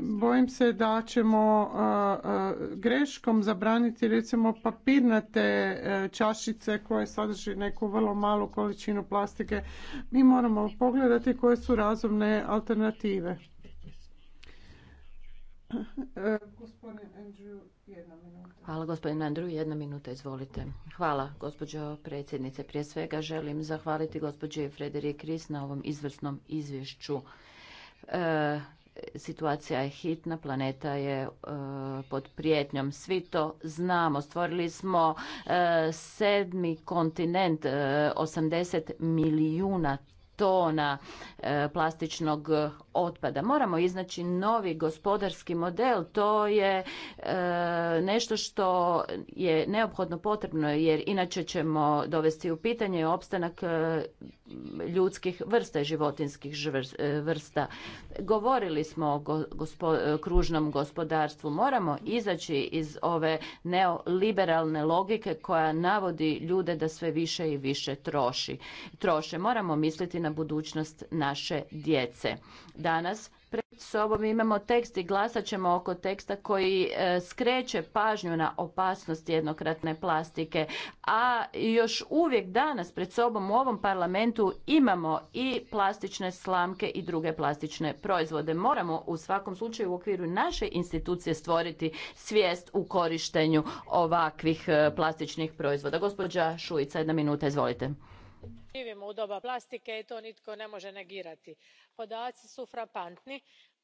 Bojim se da ćemo greškom zabraniti recimo papirnate e, čašice koje sadrži neku vrlo malu količinu plastike. Mi moramo pogledati koje su razumne alternative. E, Hvala gospodin Andrew, jedna minuta, izvolite. Hvala gospođo predsjednice. Prije svega želim zahvaliti gospođi Frederik Kris na ovom izvrsnom izvješću. E, situacija je hitna, planeta je e, pod prijetnjom. Svi to znamo. Stvorili smo e, sedmi kontinent, 80 e, milijuna tona plastičnog otpada. Moramo iznaći novi gospodarski model. To je nešto što je neophodno potrebno jer inače ćemo dovesti u pitanje opstanak ljudskih vrsta i životinskih e, vrsta. Govorili smo o e, kružnom gospodarstvu. Moramo izaći iz ove neoliberalne logike koja navodi ljude da sve više i više troši. troše. Moramo misliti na budućnost naše djece. Danas sobom imamo tekst i glasat ćemo oko teksta koji e, skreće pažnju na opasnost jednokratne plastike. A još uvijek danas pred sobom u ovom parlamentu imamo i plastične slamke i druge plastične proizvode. Moramo u svakom slučaju u okviru naše institucije stvoriti svijest u korištenju ovakvih e, plastičnih proizvoda. Gospođa Šuica, jedna minuta, izvolite živimo u doba plastike i to nitko ne može negirati. podaci su frapantni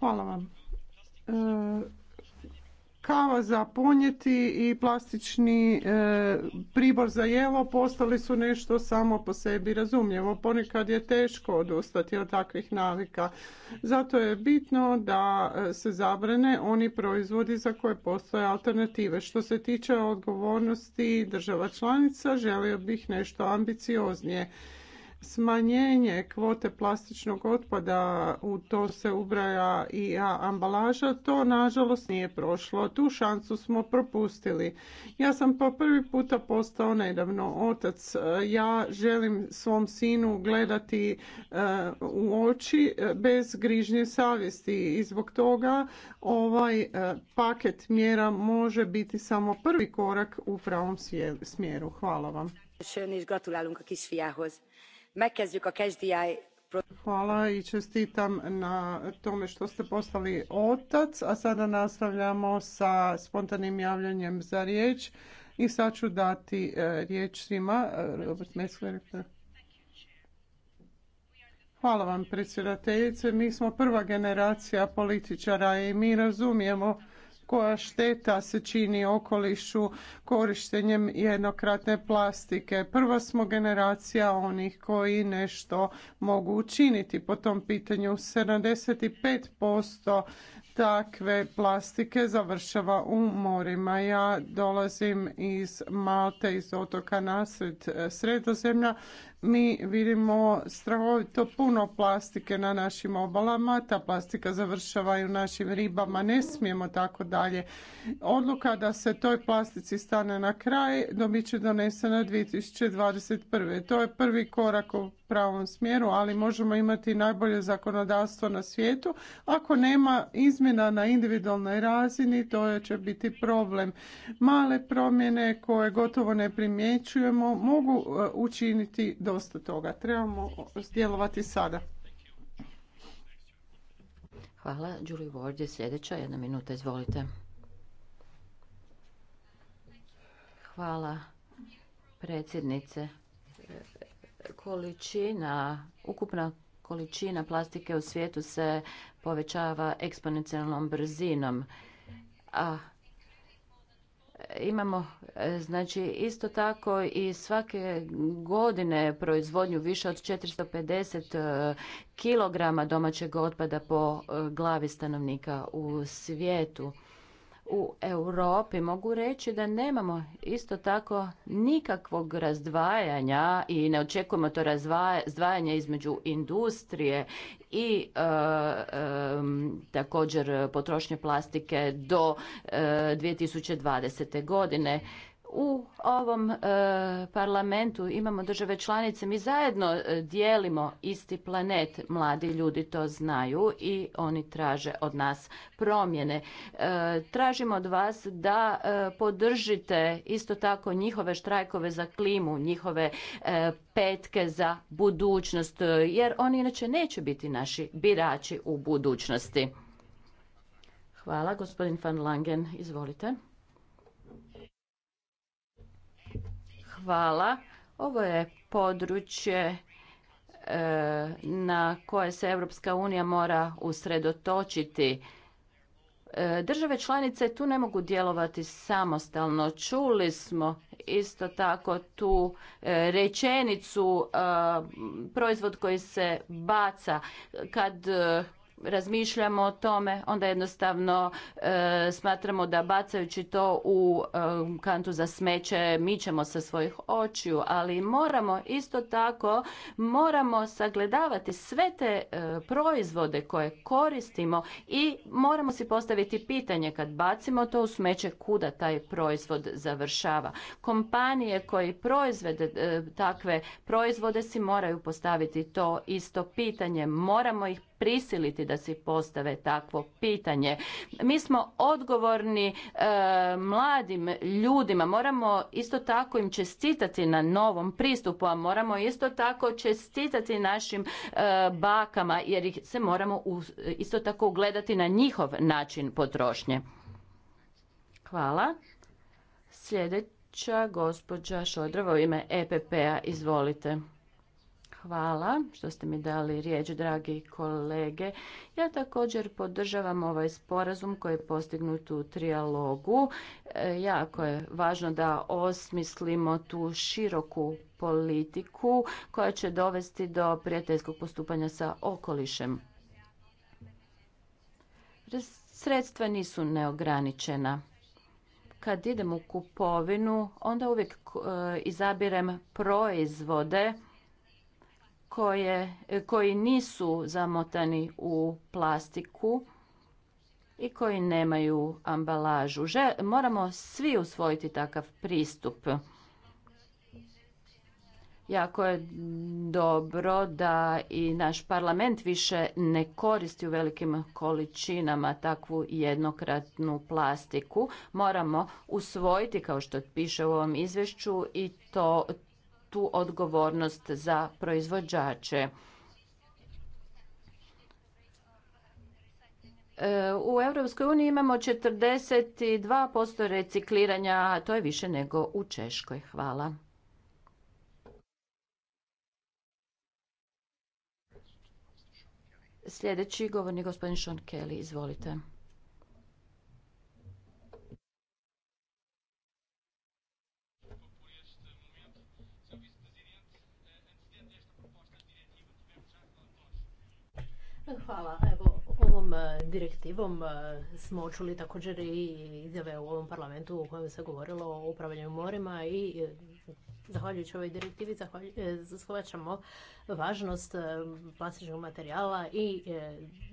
Hvala vam. E, kava za ponijeti i plastični e, pribor za jelo postali su nešto samo po sebi razumljivo. Ponekad je teško odustati od takvih navika. Zato je bitno da e, se zabrane oni proizvodi za koje postoje alternative. Što se tiče odgovornosti država članica, želio bih nešto ambicioznije smanjenje kvote plastičnog otpada, u to se ubraja i ambalaža, to nažalost nije prošlo. Tu šansu smo propustili. Ja sam po prvi puta postao nedavno otac. Ja želim svom sinu gledati e, u oči bez grižnje savjesti i zbog toga ovaj e, paket mjera može biti samo prvi korak u pravom smjeru. Hvala vam. Hvala i čestitam na tome što ste postali otac, a sada nastavljamo sa spontanim javljanjem za riječ i sad ću dati e, riječ svima. E, Hvala vam predsjedateljice. Mi smo prva generacija političara i mi razumijemo koja šteta se čini okolišu korištenjem jednokratne plastike. Prva smo generacija onih koji nešto mogu učiniti po tom pitanju. 75% takve plastike završava u morima. Ja dolazim iz Malte, iz otoka nasred sredozemlja mi vidimo strahovito puno plastike na našim obalama, ta plastika završava i u našim ribama, ne smijemo tako dalje. Odluka da se toj plastici stane na kraj dobit će donesena 2021. To je prvi korak u pravom smjeru, ali možemo imati najbolje zakonodavstvo na svijetu. Ako nema izmjena na individualnoj razini, to će biti problem. Male promjene koje gotovo ne primjećujemo mogu e, učiniti dosta toga. Trebamo djelovati sada. Hvala. Julie Ward je sljedeća. Jedna minuta, izvolite. Hvala, predsjednice. Količina, ukupna količina plastike u svijetu se povećava eksponencijalnom brzinom, a imamo e, znači isto tako i svake godine proizvodnju više od 450 e, kilograma domaćeg otpada po e, glavi stanovnika u svijetu u Europi mogu reći da nemamo isto tako nikakvog razdvajanja i ne očekujemo to razdvajanje između industrije i e, također potrošnje plastike do e, 2020. godine u ovom e, parlamentu imamo države članice mi zajedno e, dijelimo isti planet mladi ljudi to znaju i oni traže od nas promjene e, tražimo od vas da podržite isto tako njihove štrajkove za klimu njihove petke za budućnost jer oni inače neće biti naši birači u budućnosti hvala gospodin van langen izvolite Hvala. Ovo je područje e, na koje se Europska unija mora usredotočiti. E, države članice tu ne mogu djelovati samostalno. Čuli smo isto tako tu e, rečenicu proizvod koji se baca kad razmišljamo o tome, onda jednostavno e, smatramo da bacajući to u e, kantu za smeće mi sa svojih očiju, ali moramo isto tako moramo sagledavati sve te e, proizvode koje koristimo i moramo si postaviti pitanje kad bacimo to u smeće kuda taj proizvod završava. Kompanije koji proizvode takve proizvode si moraju postaviti to isto pitanje. Moramo ih prisiliti da si postave takvo pitanje. Mi smo odgovorni e, mladim ljudima, moramo isto tako im čestitati na novom pristupu, a moramo isto tako čestitati našim e, bakama jer ih se moramo isto tako ugledati na njihov način potrošnje. Hvala. Sljedeća gospođa Šodrova u ime EPP-a. Izvolite. Hvala što ste mi dali riječ, dragi kolege. Ja također podržavam ovaj sporazum koji je postignut u trijalogu. E, jako je važno da osmislimo tu široku politiku koja će dovesti do prijateljskog postupanja sa okolišem. Sredstva nisu neograničena kad idem u kupovinu, onda uvijek e, izabirem proizvode koje, koji nisu zamotani u plastiku i koji nemaju ambalažu. moramo svi usvojiti takav pristup. Jako je dobro da i naš parlament više ne koristi u velikim količinama takvu jednokratnu plastiku. Moramo usvojiti, kao što piše u ovom izvješću, i to, tu odgovornost za proizvođače. E, u Europskoj uniji imamo 42% recikliranja, a to je više nego u Češkoj. Hvala. Sljedeći govornik gospodin Sean Kelly, izvolite. Hvala. E, direktivom e, smo čuli također i izjave u ovom parlamentu u kojem se govorilo o upravljanju morima i e, zahvaljujući ovoj direktivi shvaćamo važnost plastičnog materijala i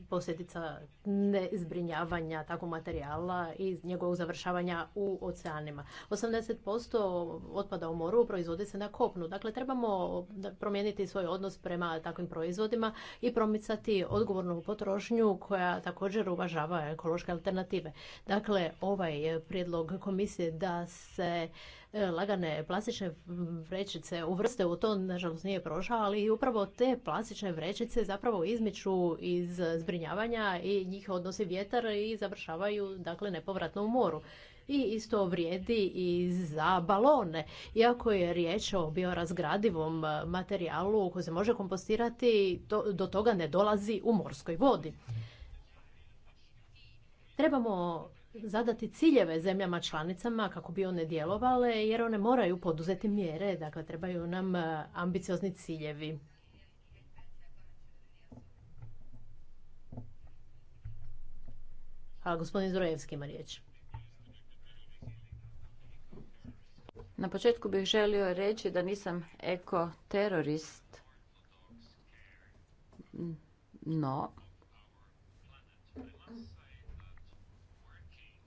posljedica nezbrinjavanja takvog materijala i njegovog završavanja u oceanima. 80% otpada u moru proizvodi se na kopnu. Dakle, trebamo promijeniti svoj odnos prema takvim proizvodima i promicati odgovornu potrošnju koja također uvažava ekološke alternative. Dakle, ovaj prijedlog komisije da se e, lagane plastične vrećice uvrste u to, nažalost nije prošao, ali upravo te plastične vrećice zapravo izmiču iz zbrinjavanja i njih odnosi vjetar i završavaju dakle, nepovratno u moru i isto vrijedi i za balone. Iako je riječ o biorazgradivom e, materijalu koji se može kompostirati, do toga ne dolazi u morskoj vodi. Trebamo zadati ciljeve zemljama članicama kako bi one djelovale jer one moraju poduzeti mjere, dakle trebaju nam e, ambiciozni ciljevi. Hvala, gospodin Zrojevski ima riječ. Na početku bih želio reći da nisam ekoterorist, no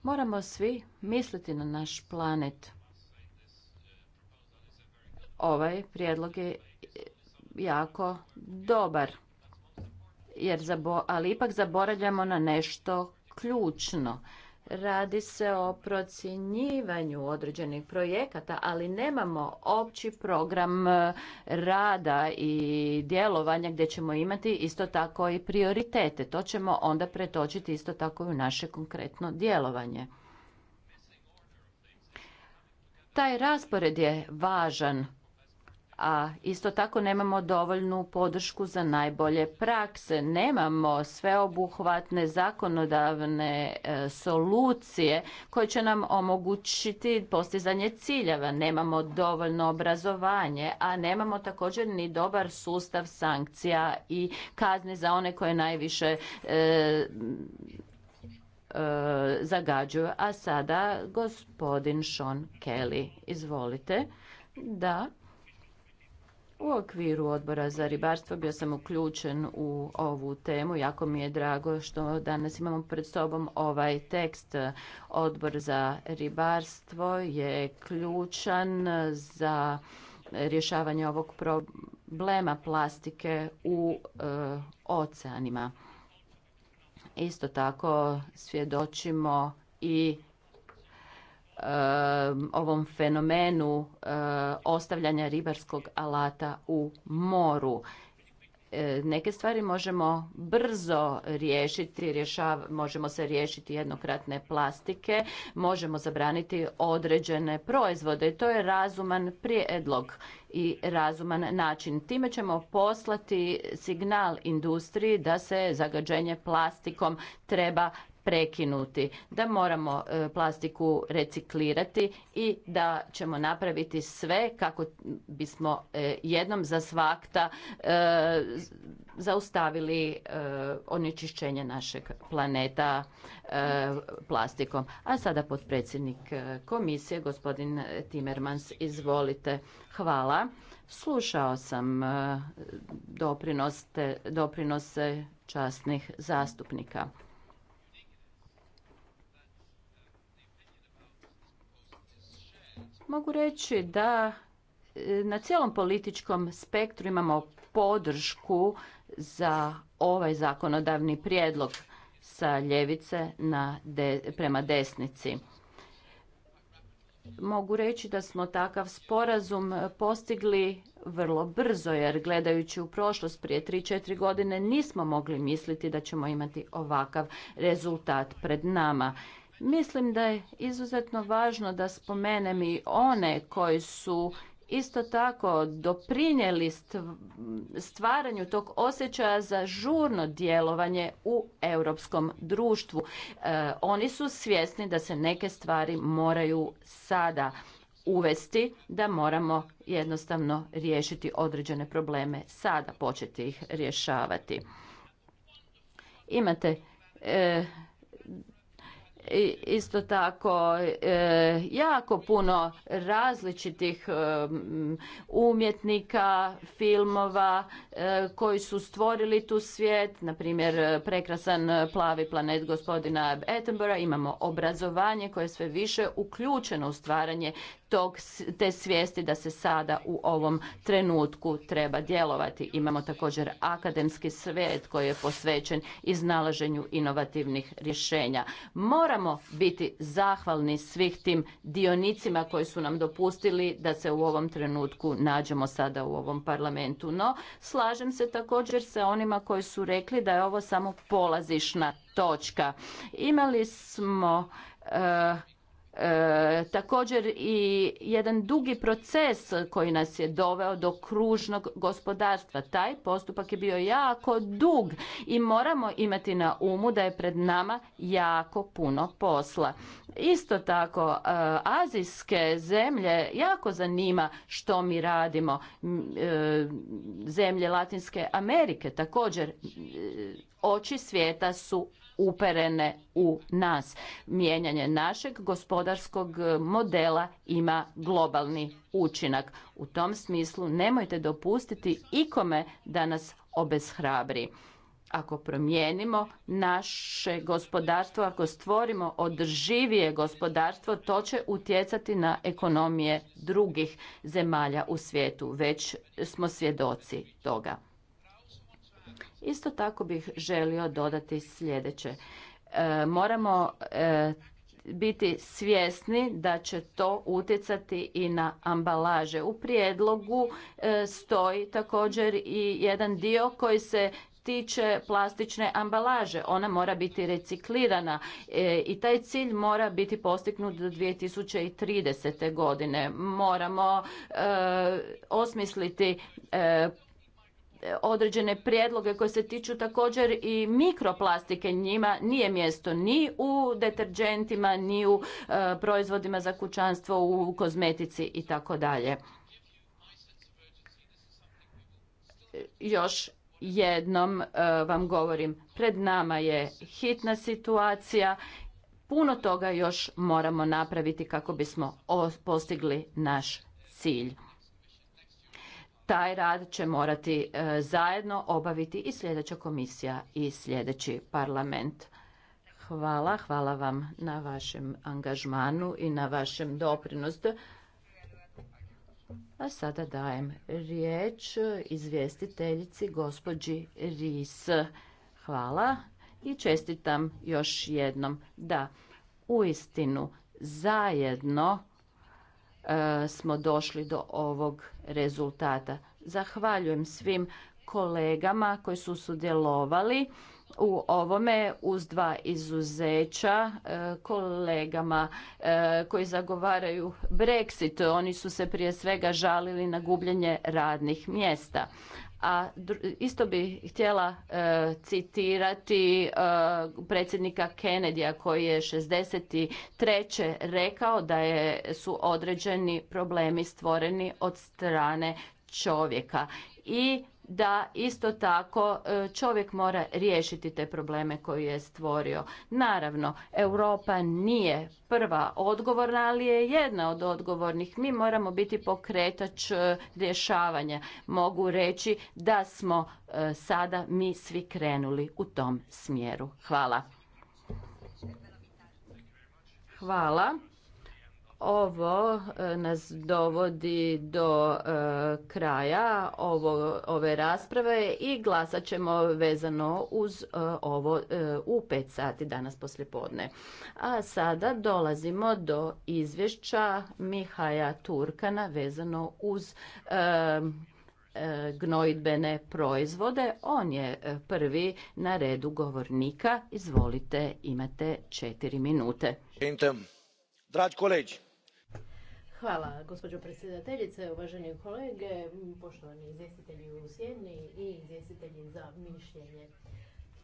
Moramo svi misliti na naš planet. Ovaj prijedlog je jako dobar, jer ali ipak zaboravljamo na nešto ključno. Radi se o procjenjivanju određenih projekata, ali nemamo opći program e, rada i djelovanja gdje ćemo imati isto tako i prioritete. To ćemo onda pretočiti isto tako i u naše konkretno djelovanje. Taj raspored je važan a isto tako nemamo dovoljnu podršku za najbolje prakse. Nemamo sveobuhvatne zakonodavne e, solucije koje će nam omogućiti postizanje ciljeva. Nemamo dovoljno obrazovanje, a nemamo također ni dobar sustav sankcija i kazni za one koje najviše e, e, zagađuju. A sada gospodin Sean Kelly. Izvolite. Da. U okviru odbora za ribarstvo bio sam uključen u ovu temu. Jako mi je drago što danas imamo pred sobom ovaj tekst. Odbor za ribarstvo je ključan za rješavanje ovog problema plastike u e, oceanima. Isto tako svjedočimo i Um, ovom fenomenu uh, ostavljanja ribarskog alata u moru uh, neke stvari možemo brzo riješiti, možemo se riješiti jednokratne plastike, možemo zabraniti određene proizvode to je razuman prijedlog i razuman način. Time ćemo poslati signal industriji da se zagađenje plastikom treba prekinuti, da moramo e, plastiku reciklirati i da ćemo napraviti sve kako bismo e, jednom za svakta e, zaustavili onečišćenje našeg planeta plastikom. A sada potpredsjednik komisije, gospodin Timmermans, izvolite. Hvala. Slušao sam doprinose časnih zastupnika. mogu reći da e, na cijelom političkom spektru imamo podršku za ovaj zakonodavni prijedlog sa ljevice na prema desnici. Mogu reći da smo takav sporazum postigli vrlo brzo, jer gledajući u prošlost prije 3-4 godine nismo mogli misliti da ćemo imati ovakav rezultat pred nama. Mislim da je izuzetno važno da spomenem i one koji su isto tako doprinijeli stvaranju tog osjećaja za žurno djelovanje u europskom društvu. E, oni su svjesni da se neke stvari moraju sada uvesti, da moramo jednostavno riješiti određene probleme, sada početi ih rješavati. Imate e, isto tako e, jako puno različitih e, umjetnika, filmova e, koji su stvorili tu svijet, na primjer prekrasan plavi planet gospodina Attenborougha, imamo obrazovanje koje je sve više uključeno u stvaranje tog, te svijesti da se sada u ovom trenutku treba djelovati. Imamo također akademski svijet koji je posvećen iznalaženju inovativnih rješenja. Mora moramo biti zahvalni svih tim dionicima koji su nam dopustili da se u ovom trenutku nađemo sada u ovom parlamentu. No, slažem se također sa onima koji su rekli da je ovo samo polazišna točka. Imali smo eh, E, također i jedan dugi proces koji nas je doveo do kružnog gospodarstva. Taj postupak je bio jako dug i moramo imati na umu da je pred nama jako puno posla. Isto tako, e, azijske zemlje jako zanima što mi radimo. E, zemlje Latinske Amerike također e, oči svijeta su uperene u nas. Mijenjanje našeg gospodarskog modela ima globalni učinak. U tom smislu nemojte dopustiti ikome da nas obeshrabri. Ako promijenimo naše gospodarstvo, ako stvorimo održivije gospodarstvo, to će utjecati na ekonomije drugih zemalja u svijetu. Već smo svjedoci toga. Isto tako bih želio dodati sljedeće. E, moramo e, biti svjesni da će to utjecati i na ambalaže. U prijedlogu e, stoji također i jedan dio koji se tiče plastične ambalaže. Ona mora biti reciklirana i taj cilj mora biti postignut do 2030. godine. Moramo osmisliti određene prijedloge koje se tiču također i mikroplastike. Njima nije mjesto ni u deterđentima, ni u e, proizvodima za kućanstvo, u kozmetici i tako dalje. Još jednom e, vam govorim, pred nama je hitna situacija. Puno toga još moramo napraviti kako bismo postigli naš cilj taj rad će morati e, zajedno obaviti i sljedeća komisija i sljedeći parlament. Hvala, hvala vam na vašem angažmanu i na vašem doprinostu. A sada dajem riječ izvjestiteljici gospođi Ris. Hvala i čestitam još jednom da uistinu zajedno E, smo došli do ovog rezultata. Zahvaljujem svim kolegama koji su sudjelovali u ovome uz dva izuzeća e, kolegama e, koji zagovaraju Brexit. Oni su se prije svega žalili na gubljenje radnih mjesta a isto bih htjela e, citirati e, predsjednika Kennedyja koji je 63. rekao da je, su određeni problemi stvoreni od strane čovjeka i da isto tako e, čovjek mora riješiti te probleme koje je stvorio. Naravno, Europa nije prva odgovorna, ali je jedna od odgovornih. Mi moramo biti pokretač e, rješavanja. Mogu reći da smo e, sada mi svi krenuli u tom smjeru. Hvala. Hvala. Ovo e, nas dovodi do e, kraja ove rasprave i glasat ćemo vezano uz e, ovo u pet sati danas poslijepodne. A sada dolazimo do izvješća Mihaja Turkana vezano uz gnojidbene proizvode. On je prvi na redu govornika. Izvolite, imate četiri minute. Dragi kolegi, Hvala, gospođo predsjedateljice, uvaženi kolege, poštovani izvjestitelji u Sjeni i izvjestitelji za mišljenje.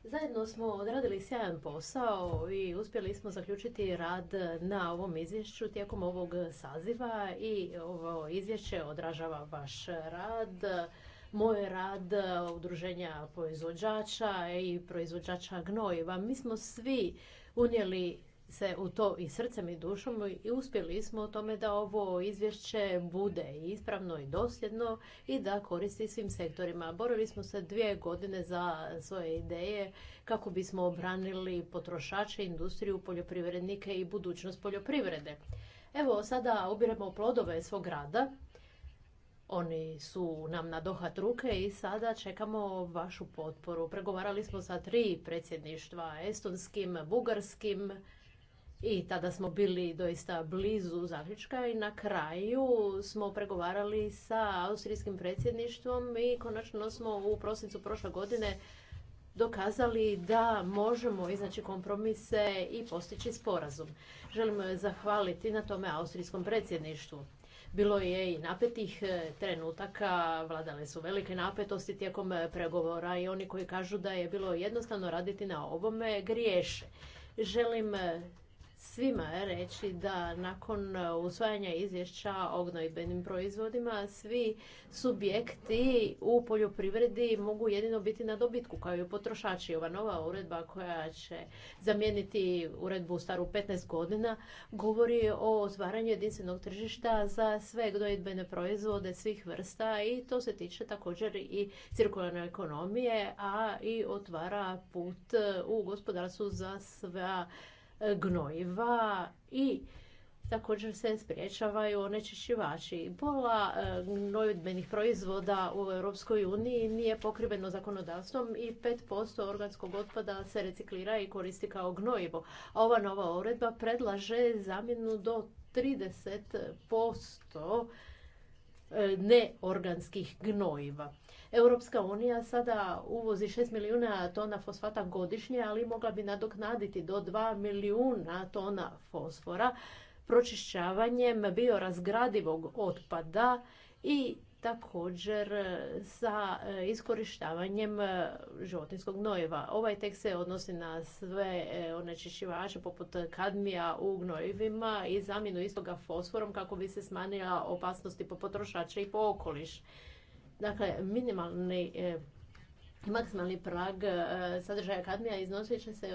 Zajedno smo odradili sjajan posao i uspjeli smo zaključiti rad na ovom izvješću tijekom ovog saziva i ovo izvješće odražava vaš rad, moj rad, udruženja proizvođača i proizvođača gnojiva. Mi smo svi unijeli se u to i srcem i dušom i uspjeli smo u tome da ovo izvješće bude ispravno i dosljedno i da koristi svim sektorima. Borili smo se dvije godine za svoje ideje kako bismo obranili potrošače, industriju, poljoprivrednike i budućnost poljoprivrede. Evo, sada ubiremo plodove svog rada. Oni su nam na dohat ruke i sada čekamo vašu potporu. Pregovarali smo sa tri predsjedništva, estonskim, bugarskim i tada smo bili doista blizu zaključka i na kraju smo pregovarali sa austrijskim predsjedništvom i konačno smo u prosincu prošle godine dokazali da možemo iznaći kompromise i postići sporazum. Želimo zahvaliti na tome austrijskom predsjedništvu. Bilo je i napetih e, trenutaka, vladale su velike napetosti tijekom e, pregovora i oni koji kažu da je bilo jednostavno raditi na ovome griješe. Želim e, svima je reći da nakon uh, usvajanja izvješća o gnojbenim proizvodima svi subjekti u poljoprivredi mogu jedino biti na dobitku kao i potrošači. Ova nova uredba koja će zamijeniti uredbu staru 15 godina govori o otvaranju jedinstvenog tržišta za sve gnojbene proizvode svih vrsta i to se tiče također i cirkularne ekonomije, a i otvara put uh, u gospodarstvu za sva E, gnojiva i također se spriječavaju onečišćivači. Pola e, gnojidbenih proizvoda u Europskoj uniji nije pokriveno zakonodavstvom i 5% organskog otpada se reciklira i koristi kao gnojivo. A ova nova uredba predlaže zamjenu do 30% E, neorganskih gnojiva. Europska unija sada uvozi 6 milijuna tona fosfata godišnje, ali mogla bi nadoknaditi do 2 milijuna tona fosfora pročišćavanjem biorazgradivog otpada i također e, sa e, iskorištavanjem e, životinskog gnojeva. Ovaj tekst se odnosi na sve onečišćivače poput kadmija u gnojivima i zamjenu istoga fosforom kako bi se smanjila opasnosti po potrošače i po okoliš. Dakle, minimalni Maksimalni prag e, sadržaja kadmija iznosit će, se,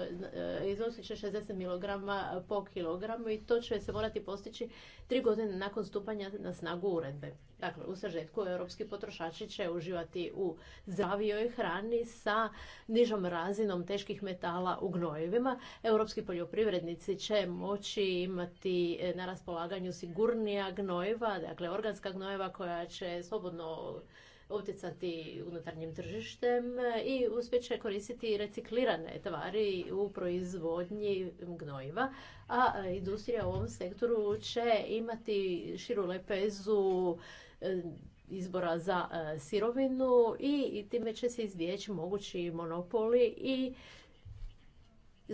e, iznosit će 60 mg po kilogramu i to će se morati postići tri godine nakon stupanja na snagu uredbe. Dakle, u sažetku europski potrošači će uživati u zdravijoj hrani sa nižom razinom teških metala u gnojevima. Europski poljoprivrednici će moći imati e, na raspolaganju sigurnija gnojiva, dakle organska gnojeva koja će slobodno utjecati unutarnjim tržištem i uspjet će koristiti reciklirane tvari u proizvodnji gnojiva, a industrija u ovom sektoru će imati širu lepezu e, izbora za e, sirovinu i time će se izbjeći mogući monopoli i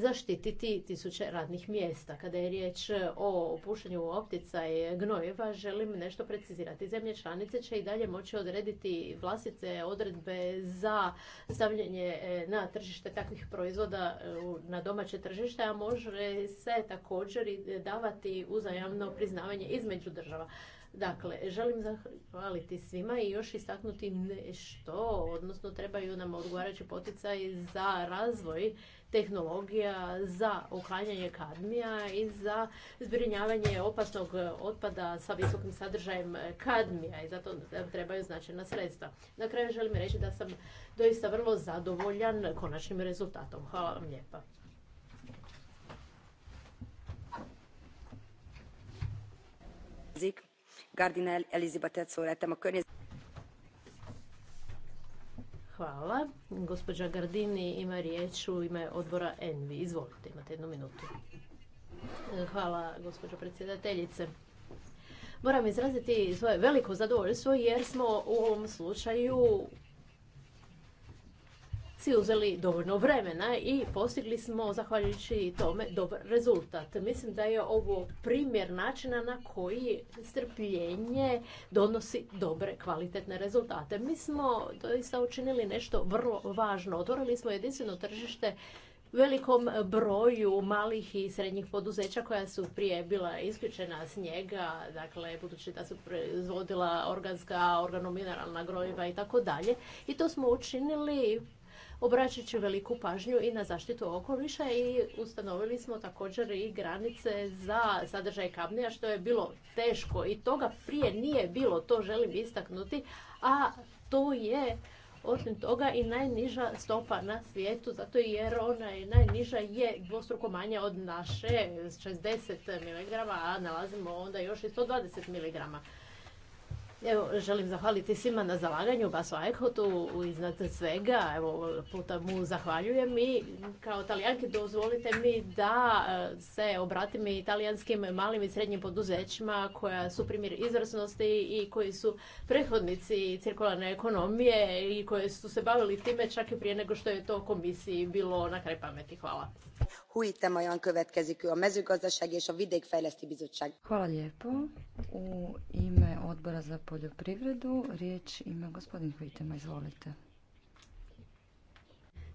zaštititi tisuće radnih mjesta. Kada je riječ e, o pušenju optica i gnojeva, želim nešto precizirati. Zemlje članice će i dalje moći odrediti vlastite odredbe za stavljanje e, na tržište takvih proizvoda e, na domaće tržište, a može se također davati uzajamno priznavanje između država. Dakle, želim zahvaliti svima i još istaknuti nešto, odnosno trebaju nam odgovarajući poticaj za razvoj tehnologija za uklanjanje kadmija i za zbrinjavanje opasnog otpada sa visokim sadržajem kadmija i zato trebaju značajna sredstva. Na kraju želim reći da sam doista vrlo zadovoljan konačnim rezultatom. Hvala vam lijepa. Elizabeth Hvala. Gospođa Gardini ima riječ u ime odbora Envi. Izvolite, imate jednu minutu. Hvala, gospođo predsjedateljice. Moram izraziti svoje veliko zadovoljstvo jer smo u ovom slučaju si uzeli dovoljno vremena i postigli smo, zahvaljujući tome, dobar rezultat. Mislim da je ovo primjer načina na koji strpljenje donosi dobre, kvalitetne rezultate. Mi smo doista učinili nešto vrlo važno. Otvorili smo jedinstveno tržište velikom broju malih i srednjih poduzeća koja su prije bila isključena s njega, dakle, budući da su proizvodila organska, organomineralna grojiva i tako dalje. I to smo učinili obraćajući veliku pažnju i na zaštitu okoliša i ustanovili smo također i granice za sadržaj kamnija što je bilo teško i toga prije nije bilo, to želim istaknuti, a to je osim toga i najniža stopa na svijetu, zato jer ona je najniža je dvostruko manja od naše 60 mg, a nalazimo onda još i 120 mg. Evo, želim zahvaliti svima na zalaganju, Basu tu iznad svega, evo, puta mu zahvaljujem i kao talijanki dozvolite mi da e, se obratim i talijanskim malim i srednjim poduzećima koja su primjer izvrsnosti i koji su prethodnici cirkularne ekonomije i koji su se bavili time čak i prije nego što je to komisiji bilo na kraj pameti. Hvala a mezőgazdasági és Hvala lijepo. U ime odbora za poljoprivredu riječ ima gospodin Huitema, izvolite.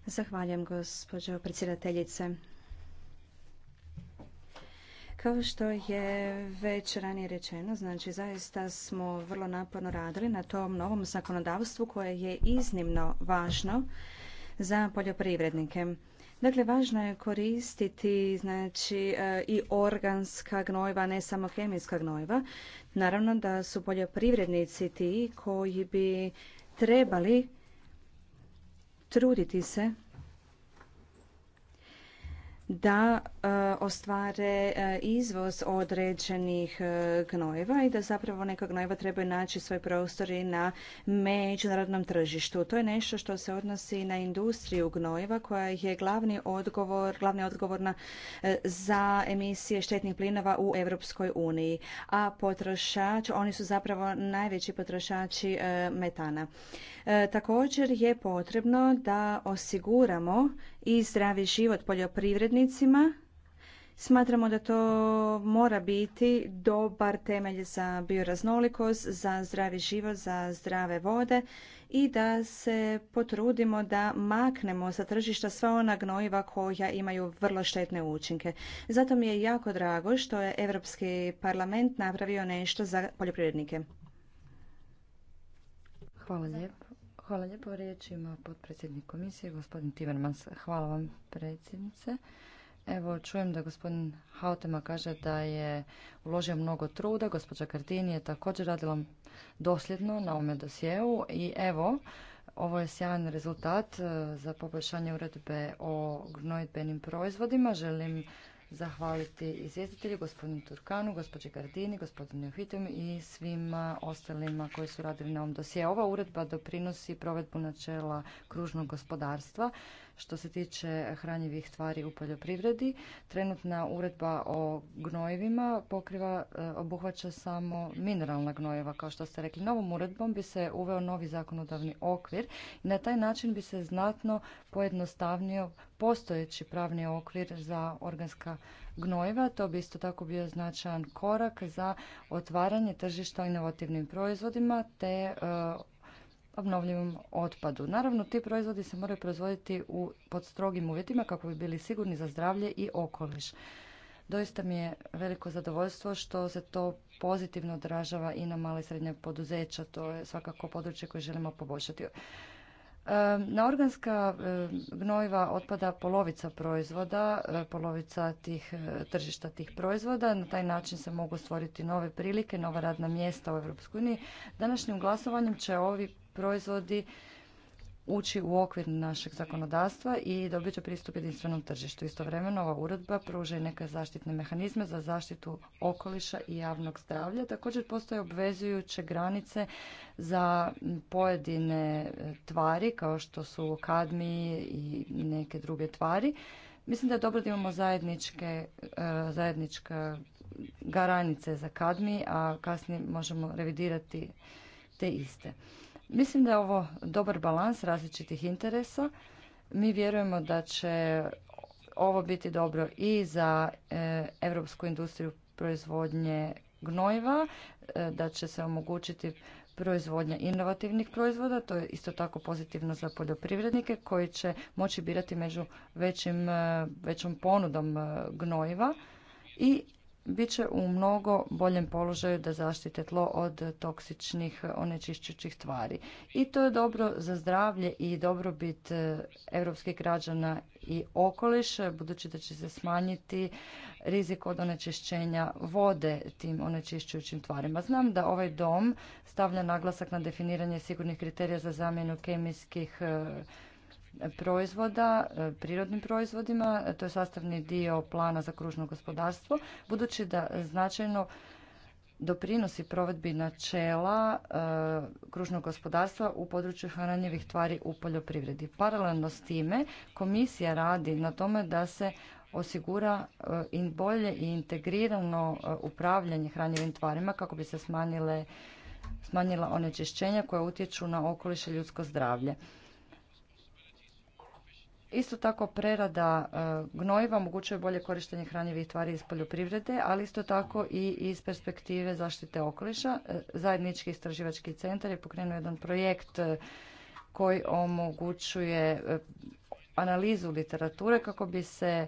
Zahvaljujem gospođo predsjedateljice. Kao što je već ranije rečeno, znači zaista smo vrlo naporno radili na tom novom zakonodavstvu koje je iznimno važno za poljoprivrednike. Dakle, važno je koristiti znači, e, i organska gnojiva, ne samo kemijska gnojiva. Naravno da su poljoprivrednici ti koji bi trebali truditi se da eh, ostvare eh, izvoz određenih eh, gnojeva i da zapravo neka gnojeva trebaju naći svoj prostor i na međunarodnom tržištu. To je nešto što se odnosi na industriju gnojeva koja je glavni odgovor, glavni odgovorna za emisije štetnih plinova u Europskoj uniji, a potrošač, oni su zapravo najveći potrošači metana. Također je potrebno da osiguramo i zdravi život poljoprivrednicima. Smatramo da to mora biti dobar temelj za bioraznolikost, za zdravi život, za zdrave vode i da se potrudimo da maknemo sa tržišta sva ona gnojiva koja imaju vrlo štetne učinke. Zato mi je jako drago što je Europski parlament napravio nešto za poljoprivrednike. Hvala lijepo. Hvala lijepo. Riječ ima potpredsjednik komisije, gospodin Timmermans. Hvala vam, predsjednice. Evo, čujem da gospodin Hautema kaže da je uložio mnogo truda. Gospođa Kardini je također radila dosljedno na ovome dosjeu i evo, ovo je sjajan rezultat eh, za poboljšanje uredbe o gnojitbenim proizvodima. Želim zahvaliti izvjestitelju, gospodinu Turkanu, gospođe Gardini, gospodinu Hitom i svima ostalima koji su radili na ovom dosije. Ova uredba doprinosi provedbu načela kružnog gospodarstva što se tiče hranjivih tvari u poljoprivredi. Trenutna uredba o gnojivima pokriva, e, obuhvaća samo mineralna gnojiva, kao što ste rekli. Novom uredbom bi se uveo novi zakonodavni okvir i na taj način bi se znatno pojednostavnio postojeći pravni okvir za organska gnojiva. To bi isto tako bio značajan korak za otvaranje tržišta inovativnim proizvodima te e, obnovljivom otpadu. Naravno, ti proizvodi se moraju proizvoditi u, pod strogim uvjetima kako bi bili sigurni za zdravlje i okoliš. Doista mi je veliko zadovoljstvo što se to pozitivno odražava i na male i srednje poduzeća. To je svakako područje koje želimo poboljšati. E, na organska e, gnojiva otpada polovica proizvoda, e, polovica tih tržišta tih proizvoda. Na taj način se mogu stvoriti nove prilike, nova radna mjesta u EU. Današnjim glasovanjem će ovi proizvodi ući u okvir našeg zakonodavstva i dobit će pristup jedinstvenom tržištu. Istovremeno ova uredba pruža i neke zaštitne mehanizme za zaštitu okoliša i javnog zdravlja. Također postoje obvezujuće granice za pojedine e, tvari kao što su kadmi i neke druge tvari. Mislim da je dobro da imamo zajedničke, e, zajednička granice za kadmi, a kasnije možemo revidirati te iste. Mislim da je ovo dobar balans različitih interesa. Mi vjerujemo da će ovo biti dobro i za europsku industriju proizvodnje gnojiva, e, da će se omogućiti proizvodnja inovativnih proizvoda, to je isto tako pozitivno za poljoprivrednike koji će moći birati među većim, e, većom ponudom e, gnojiva i bit će u mnogo boljem položaju da zaštite tlo od toksičnih onečišćućih tvari. I to je dobro za zdravlje i dobrobit europskih građana i okoliša, budući da će se smanjiti rizik od onečišćenja vode tim onečišćujućim tvarima. Znam da ovaj dom stavlja naglasak na definiranje sigurnih kriterija za zamjenu kemijskih e, proizvoda, e, prirodnim proizvodima, e, to je sastavni dio plana za kružno gospodarstvo, budući da značajno doprinosi provedbi načela e, kružnog gospodarstva u području hranjivih tvari u poljoprivredi. Paralelno s time, komisija radi na tome da se osigura i bolje i integrirano upravljanje hranjivim tvarima kako bi se smanjile, smanjila onečišćenja koja utječu na okoliš i ljudsko zdravlje. Isto tako prerada e, gnojiva omogućuje bolje korištenje hranjivih tvari iz poljoprivrede, ali isto tako i iz perspektive zaštite okoliša. E, zajednički istraživački centar je pokrenuo jedan projekt e, koji omogućuje analizu literature kako bi se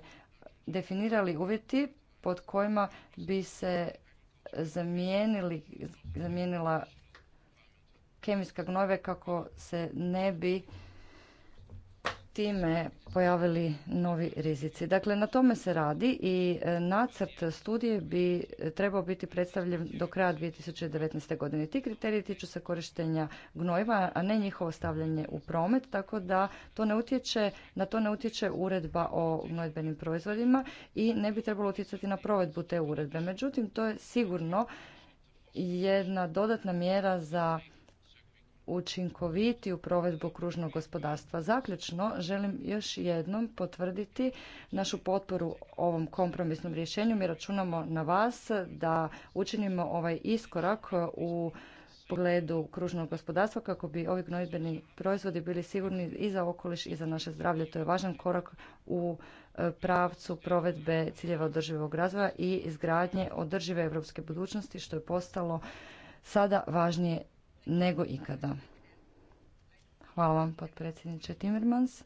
definirali uvjeti pod kojima bi se zamijenili, zamijenila kemijska gnojiva kako se ne bi time pojavili novi rizici. Dakle, na tome se radi i e, nacrt studije bi trebao biti predstavljen do kraja 2019. godine. Ti kriteriji tiču se korištenja gnojiva, a ne njihovo stavljanje u promet, tako da to ne utječe, na to ne utječe uredba o gnojbenim proizvodima i ne bi trebalo utjecati na provedbu te uredbe. Međutim, to je sigurno jedna dodatna mjera za u provedbu kružnog gospodarstva. Zaključno, želim još jednom potvrditi našu potporu ovom kompromisnom rješenju. Mi računamo na vas da učinimo ovaj iskorak u pogledu kružnog gospodarstva kako bi ovi gnojbeni proizvodi bili sigurni i za okoliš i za naše zdravlje. To je važan korak u e, pravcu provedbe ciljeva održivog razvoja i izgradnje održive europske budućnosti što je postalo sada važnije nego ikada. Hvala vam, potpredsjedniče Timmermans.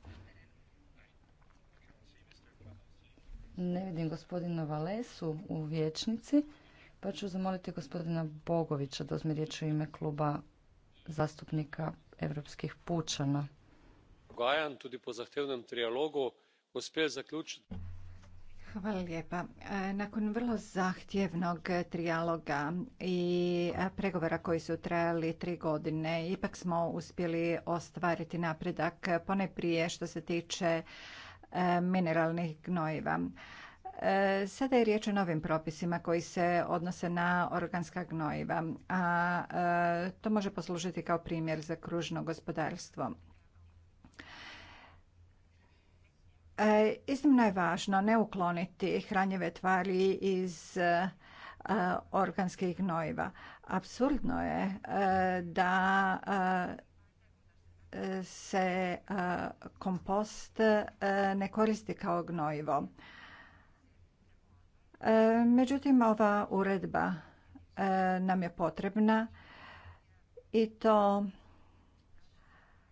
Ne vidim gospodina Valesu u vječnici, pa ću zamoliti gospodina Bogovića da uzme riječ u ime kluba zastupnika europskih pučana. Gajan, tudi po zahtevnem trijalogu, uspio zaključiti... Hvala lijepa. E, nakon vrlo zahtjevnog trijaloga i pregovora koji su trajali tri godine, ipak smo uspjeli ostvariti napredak poneprije što se tiče e, mineralnih gnojiva. E, sada je riječ o novim propisima koji se odnose na organska gnojiva, a to može poslužiti kao primjer za kružno gospodarstvo. E, iznimno je važno ne ukloniti hranjive tvari iz e, organskih gnojiva. Apsurdno je e, da se kompost ne koristi kao gnojivo. Međutim, ova uredba nam je potrebna i to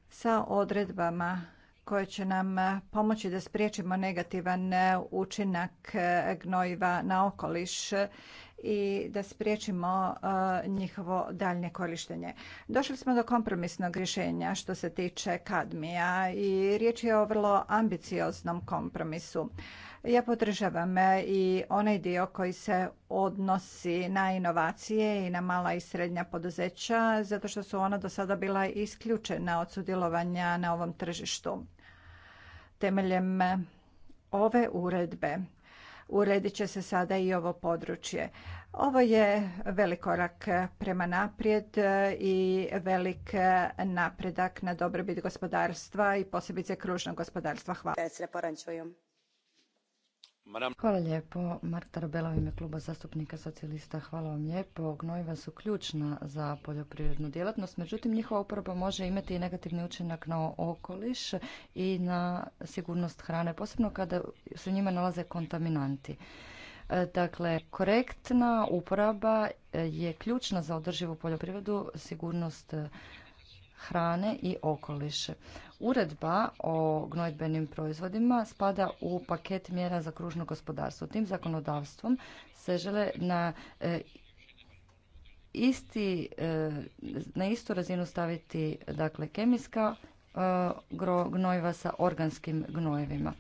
sa odredbama koje će nam e, pomoći da spriječimo negativan e, učinak e, gnojiva na okoliš i da spriječimo njihovo daljnje korištenje. Došli smo do kompromisnog rješenja što se tiče kadmija i riječ je o vrlo ambicioznom kompromisu. Ja podržavam i onaj dio koji se odnosi na inovacije i na mala i srednja poduzeća, zato što su ona do sada bila isključena od sudjelovanja na ovom tržištu. Temeljem ove uredbe uredit će se sada i ovo područje. Ovo je velik korak prema naprijed i velik napredak na dobrobit gospodarstva i posebice kružnog gospodarstva. Hvala. Hvala lijepo. Marta Rabela u ime kluba zastupnika socijalista. Hvala vam lijepo. Gnojiva su ključna za poljoprivrednu djelatnost, međutim njihova uporaba može imati i negativni učinak na okoliš i na sigurnost hrane, posebno kada se njima nalaze kontaminanti. E, dakle, korektna uporaba e, je ključna za održivu poljoprivredu, sigurnost hrane i okoliše. Uredba o gnojbenim proizvodima spada u paket mjera za kružno gospodarstvo. Tim zakonodavstvom se žele na e, isti, e, na istu razinu staviti dakle kemijska e, gnojiva sa organskim gnojevima.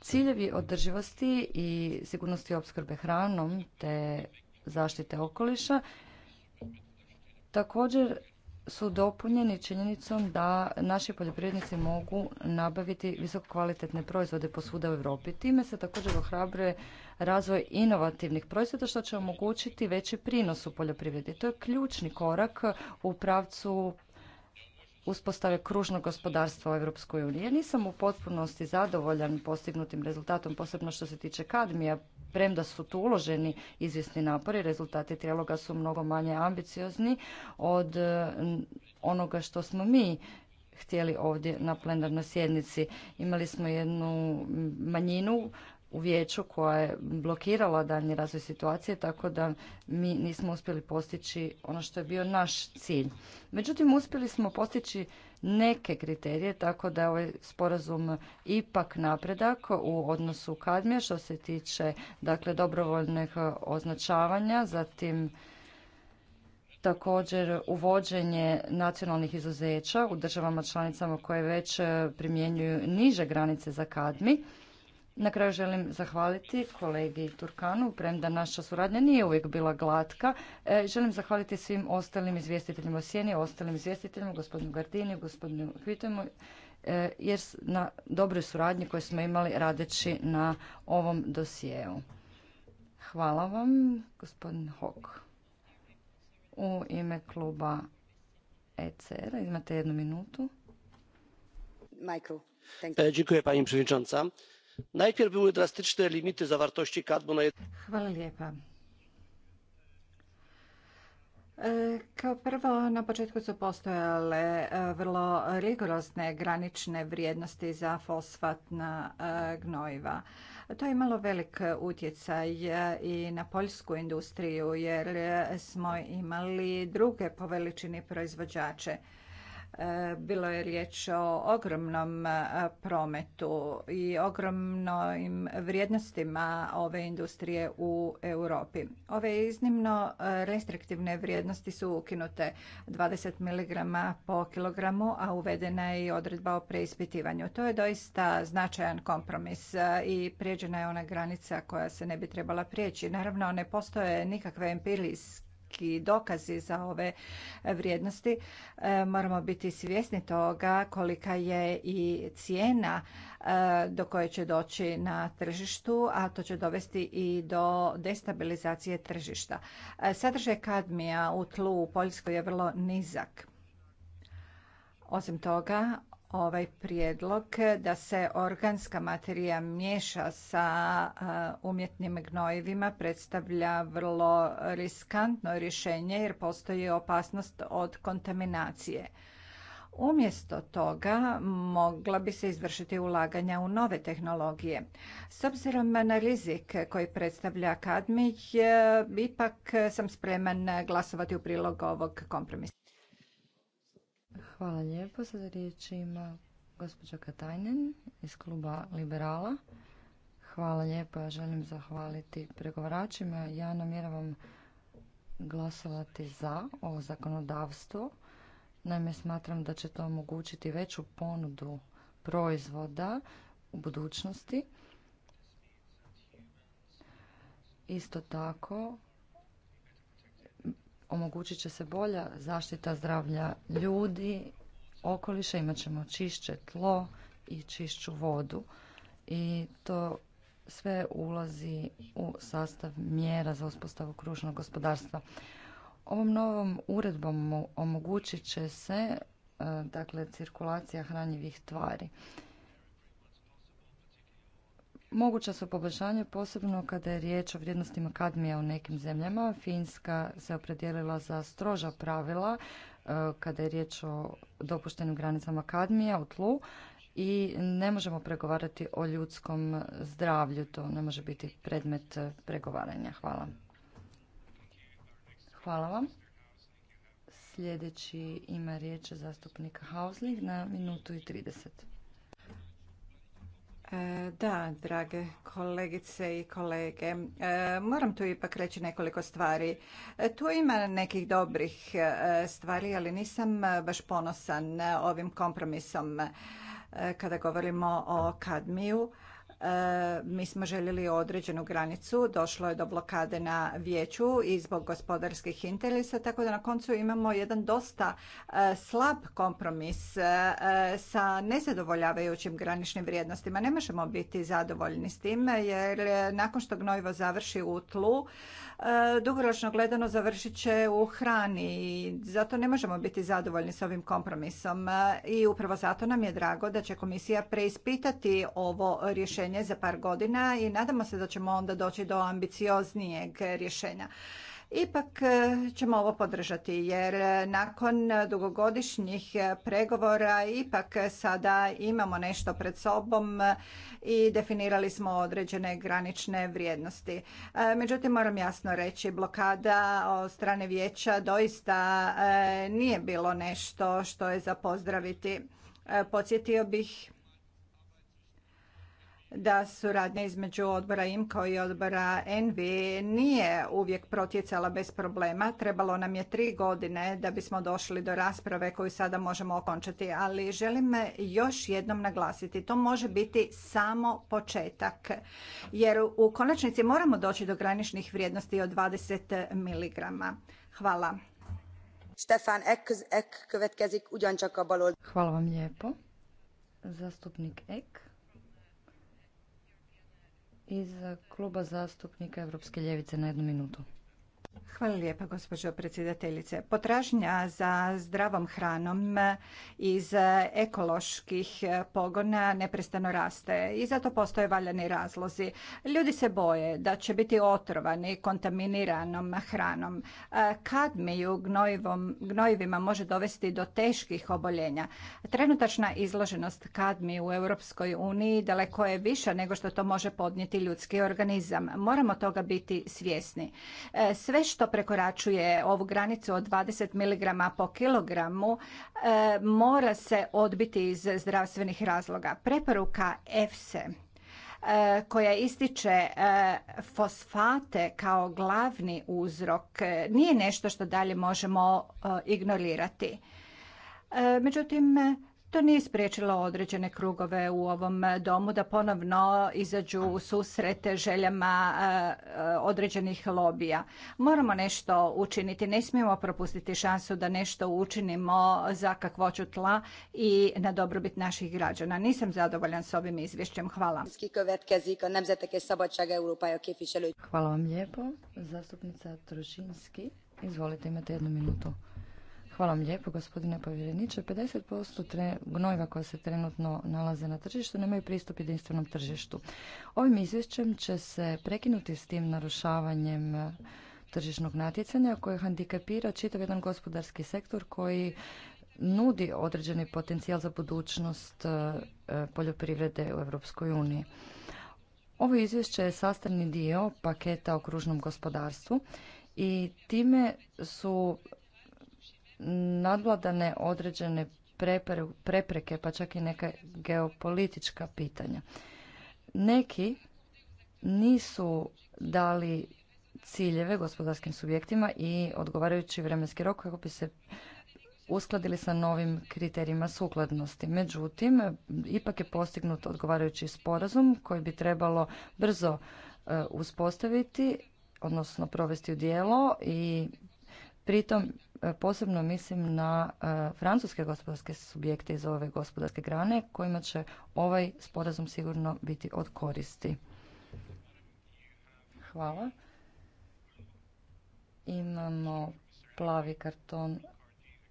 Ciljevi održivosti i sigurnosti opskrbe hranom te zaštite okoliša također su dopunjeni činjenicom da naši poljoprivrednici mogu nabaviti visoko kvalitetne proizvode posvuda u Europi. Time se također ohrabruje razvoj inovativnih proizvoda što će omogućiti veći prinos u poljoprivredi. To je ključni korak u pravcu uspostave kružnog gospodarstva u Europskoj uniji. Ja nisam u potpunosti zadovoljan postignutim rezultatom, posebno što se tiče kadmija, premda su tu uloženi izvjesni napori, rezultati trijaloga su mnogo manje ambiciozni od e, onoga što smo mi htjeli ovdje na plenarnoj sjednici. Imali smo jednu manjinu u vijeću koja je blokirala daljnji razvoj situacije, tako da mi nismo uspjeli postići ono što je bio naš cilj. Međutim, uspjeli smo postići neke kriterije, tako da je ovaj sporazum ipak napredak u odnosu kadmija što se tiče dakle, dobrovoljnih označavanja, zatim također uvođenje nacionalnih izuzeća u državama članicama koje već primjenjuju niže granice za kadmi na kraju želim zahvaliti kolegi Turkanu, premda naša suradnja nije uvijek bila glatka. E, želim zahvaliti svim ostalim izvjestiteljima u Sjeni, ostalim izvjestiteljima, gospodinu Gardini, gospodinu Hvitemu, e, jer na dobroj suradnji koju smo imali radeći na ovom dosijeu. Hvala vam, gospodin Hok. U ime kluba ecr imate jednu minutu. Michael, thank you. E, przewodnicząca najpierw były drastyczne limity zawartości kadmu na Hvala e, Kao prvo, na početku su postojale e, vrlo rigorozne granične vrijednosti za fosfatna e, gnojiva. To je imalo velik utjecaj i na poljsku industriju jer smo imali druge po veličini proizvođače. E, bilo je riječ o ogromnom e, prometu i ogromnim vrijednostima ove industrije u Europi. Ove iznimno e, restriktivne vrijednosti su ukinute 20 mg po kilogramu, a uvedena je i odredba o preispitivanju. To je doista značajan kompromis i prijeđena je ona granica koja se ne bi trebala prijeći. Naravno, ne postoje nikakve empirijske i dokazi za ove vrijednosti. E, moramo biti svjesni toga kolika je i cijena e, do koje će doći na tržištu, a to će dovesti i do destabilizacije tržišta. E, sadržaj kadmija u tlu u Poljskoj je vrlo nizak. Osim toga, ovaj prijedlog da se organska materija miješa sa umjetnim gnojivima predstavlja vrlo riskantno rješenje jer postoji opasnost od kontaminacije. Umjesto toga mogla bi se izvršiti ulaganja u nove tehnologije. S obzirom na rizik koji predstavlja kadmij, e, ipak sam spreman glasovati u prilog ovog kompromisa. Hvala lijepo. Sada riječ ima gospođa Katajnen iz kluba Liberala. Hvala lijepo. Ja želim zahvaliti pregovaračima. Ja namjeravam glasovati za ovo zakonodavstvo. Naime, smatram da će to omogućiti veću ponudu proizvoda u budućnosti. Isto tako, omogućit će se bolja zaštita zdravlja ljudi, okoliša, imat ćemo čišće tlo i čišću vodu i to sve ulazi u sastav mjera za uspostavu kružnog gospodarstva. Ovom novom uredbom omogućit će se e, dakle cirkulacija hranjivih tvari. Moguća su poboljšanja posebno kada je riječ o vrijednostima kadmija u nekim zemljama. Finska se opredijelila za stroža pravila e, kada je riječ o dopuštenim granicama kadmija u tlu i ne možemo pregovarati o ljudskom zdravlju. To ne može biti predmet pregovaranja. Hvala. Hvala vam. Sljedeći ima riječ zastupnika Hausling na minutu i 30. E, da, drage kolegice i kolege, e, moram tu ipak reći nekoliko stvari. E, tu ima nekih dobrih stvari, ali nisam baš ponosan ovim kompromisom kada govorimo o kadmiju. E, mi smo željeli određenu granicu, došlo je do blokade na vijeću i zbog gospodarskih interesa, tako da na koncu imamo jedan dosta e, slab kompromis e, sa nezadovoljavajućim graničnim vrijednostima. Ne možemo biti zadovoljni s tim jer nakon što gnojivo završi u tlu, dugoročno gledano završit će u hrani i zato ne možemo biti zadovoljni s ovim kompromisom i upravo zato nam je drago da će komisija preispitati ovo rješenje za par godina i nadamo se da ćemo onda doći do ambicioznijeg rješenja. Ipak e, ćemo ovo podržati jer e, nakon dugogodišnjih pregovora ipak sada imamo nešto pred sobom e, i definirali smo određene granične vrijednosti. Međutim, moram jasno reći, blokada od strane vijeća doista nije bilo nešto što je za pozdraviti. Podsjetio bih da suradnja između odbora IMKO i odbora NV nije uvijek protjecala bez problema. Trebalo nam je tri godine da bismo došli do rasprave koju sada možemo okončati, ali želim još jednom naglasiti. To može biti samo početak, jer u konačnici moramo doći do graničnih vrijednosti od 20 miligrama. Hvala. Stefan Ek, Ek Hvala vam lijepo. Zastupnik Ek iz Kluba zastupnika Europske ljevice na jednu minutu. Hvala lijepa, gospođo predsjedateljice. Potražnja za zdravom hranom iz ekoloških pogona neprestano raste i zato postoje valjani razlozi. Ljudi se boje da će biti otrovani kontaminiranom hranom. Kadmiju u gnojivima može dovesti do teških oboljenja. Trenutačna izloženost kadmiju u Europskoj uniji daleko je viša nego što to može podnijeti ljudski organizam. Moramo toga biti svjesni. Sve što što prekoračuje ovu granicu od 20 mg po kilogramu e, mora se odbiti iz zdravstvenih razloga. Preporuka EFSE e, koja ističe e, fosfate kao glavni uzrok nije nešto što dalje možemo ignorirati. Međutim, to nije spriječilo određene krugove u ovom domu da ponovno izađu u susrete željama eh, određenih lobija. Moramo nešto učiniti, ne smijemo propustiti šansu da nešto učinimo za kakvoću tla i na dobrobit naših građana. Nisam zadovoljan s ovim izvješćem. Hvala. Hvala vam lijepo. Zastupnica Trošinski, izvolite imate jednu minutu. Hvala vam lijepo, gospodine povjereniče. 50% tre, gnojiva koja se trenutno nalaze na tržištu nemaju pristup jedinstvenom tržištu. Ovim izvješćem će se prekinuti s tim narušavanjem e, tržišnog natjecanja koje handikapira čitav jedan gospodarski sektor koji nudi određeni potencijal za budućnost e, e, poljoprivrede u Europskoj uniji. Ovo izvješće je sastavni dio paketa o kružnom gospodarstvu i time su nadvladane određene prepreke, pa čak i neka geopolitička pitanja. Neki nisu dali ciljeve gospodarskim subjektima i odgovarajući vremenski rok kako bi se uskladili sa novim kriterijima sukladnosti. Međutim, ipak je postignut odgovarajući sporazum koji bi trebalo brzo e, uspostaviti, odnosno provesti u dijelo i pritom E, posebno mislim na e, francuske gospodarske subjekte iz ove gospodarske grane kojima će ovaj sporazum sigurno biti od koristi. Hvala. Imamo plavi karton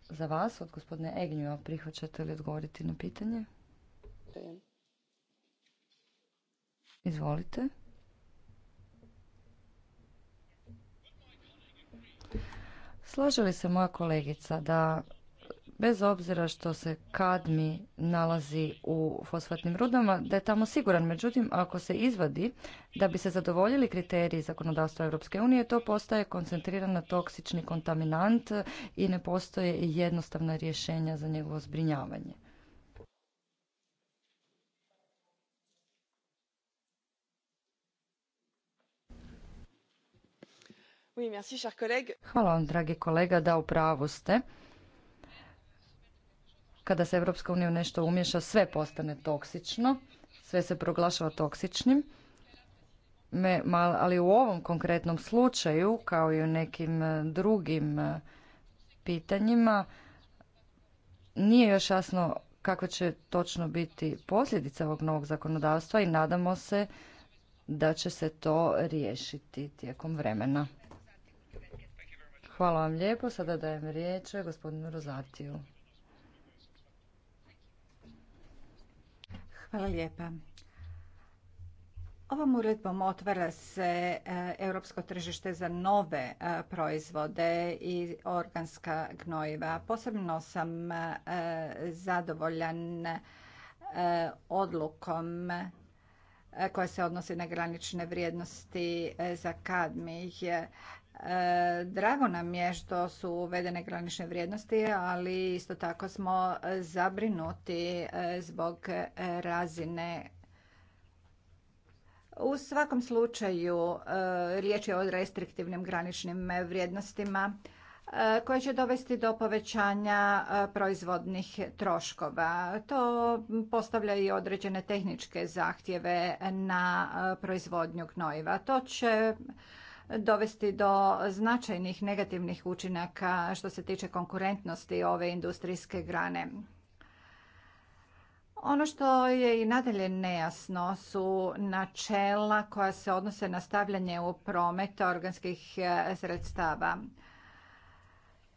za vas od gospodine Egnjua. Prihvaćate li odgovoriti na pitanje? Izvolite. Slaže li se moja kolegica da bez obzira što se kadmi nalazi u fosfatnim rudama, da je tamo siguran. Međutim, ako se izvadi da bi se zadovoljili kriteriji zakonodavstva Europske unije, to postaje koncentriran na toksični kontaminant i ne postoje jednostavna rješenja za njegovo zbrinjavanje. Hvala vam, dragi kolega, da u pravu ste. Kada se Europska unija nešto umješa, sve postane toksično, sve se proglašava toksičnim. Me, ali u ovom konkretnom slučaju, kao i u nekim e, drugim e, pitanjima, nije još jasno kakve će točno biti posljedica ovog novog zakonodavstva i nadamo se da će se to riješiti tijekom vremena. Hvala vam lijepo. Sada dajem riječ gospodinu Rozatiju. Hvala lijepa. Ovom uredbom otvara se e, europsko tržište za nove e, proizvode i organska gnojiva. Posebno sam e, zadovoljan odlukom koja se odnosi na granične vrijednosti za kadmij E, drago nam je što su uvedene granične vrijednosti, ali isto tako smo zabrinuti e, zbog razine u svakom slučaju e, riječ je o restriktivnim graničnim vrijednostima koje će dovesti do povećanja proizvodnih troškova. To postavlja i određene tehničke zahtjeve na proizvodnju gnojiva. To će dovesti do značajnih negativnih učinaka što se tiče konkurentnosti ove industrijske grane. Ono što je i nadalje nejasno su načela koja se odnose na stavljanje u promet organskih eh, sredstava.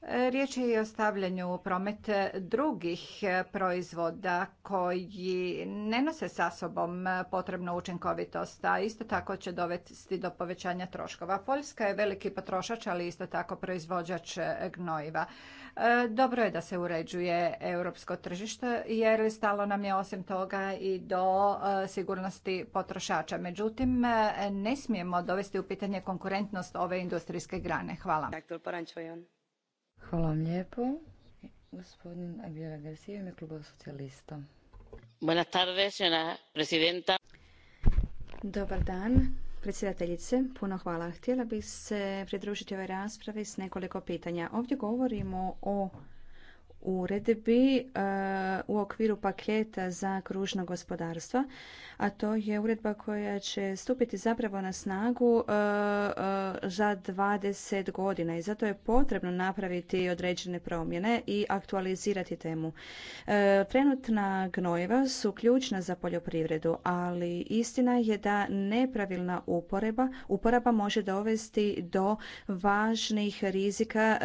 Riječ je i o stavljanju u promet drugih proizvoda koji ne nose sa sobom potrebnu učinkovitost, a isto tako će dovesti do povećanja troškova. Poljska je veliki potrošač, ali isto tako proizvođač gnojiva. E, dobro je da se uređuje europsko tržište jer stalo nam je osim toga i do e, sigurnosti potrošača. Međutim, ne smijemo dovesti u pitanje konkurentnost ove industrijske grane. Hvala. Hvala vam lijepo. Gospodin Aguilera Garcia, ime kluba socijalista. Buenas tardes, presidenta. Dobar dan, predsjedateljice. Puno hvala. Htjela bih se pridružiti ovoj raspravi s nekoliko pitanja. Ovdje govorimo o uredbi e, u okviru paketa za kružno gospodarstvo, a to je uredba koja će stupiti zapravo na snagu e, e, za 20 godina i zato je potrebno napraviti određene promjene i aktualizirati temu. Trenutna gnojeva su ključna za poljoprivredu, ali istina je da nepravilna uporaba može dovesti do važnih rizika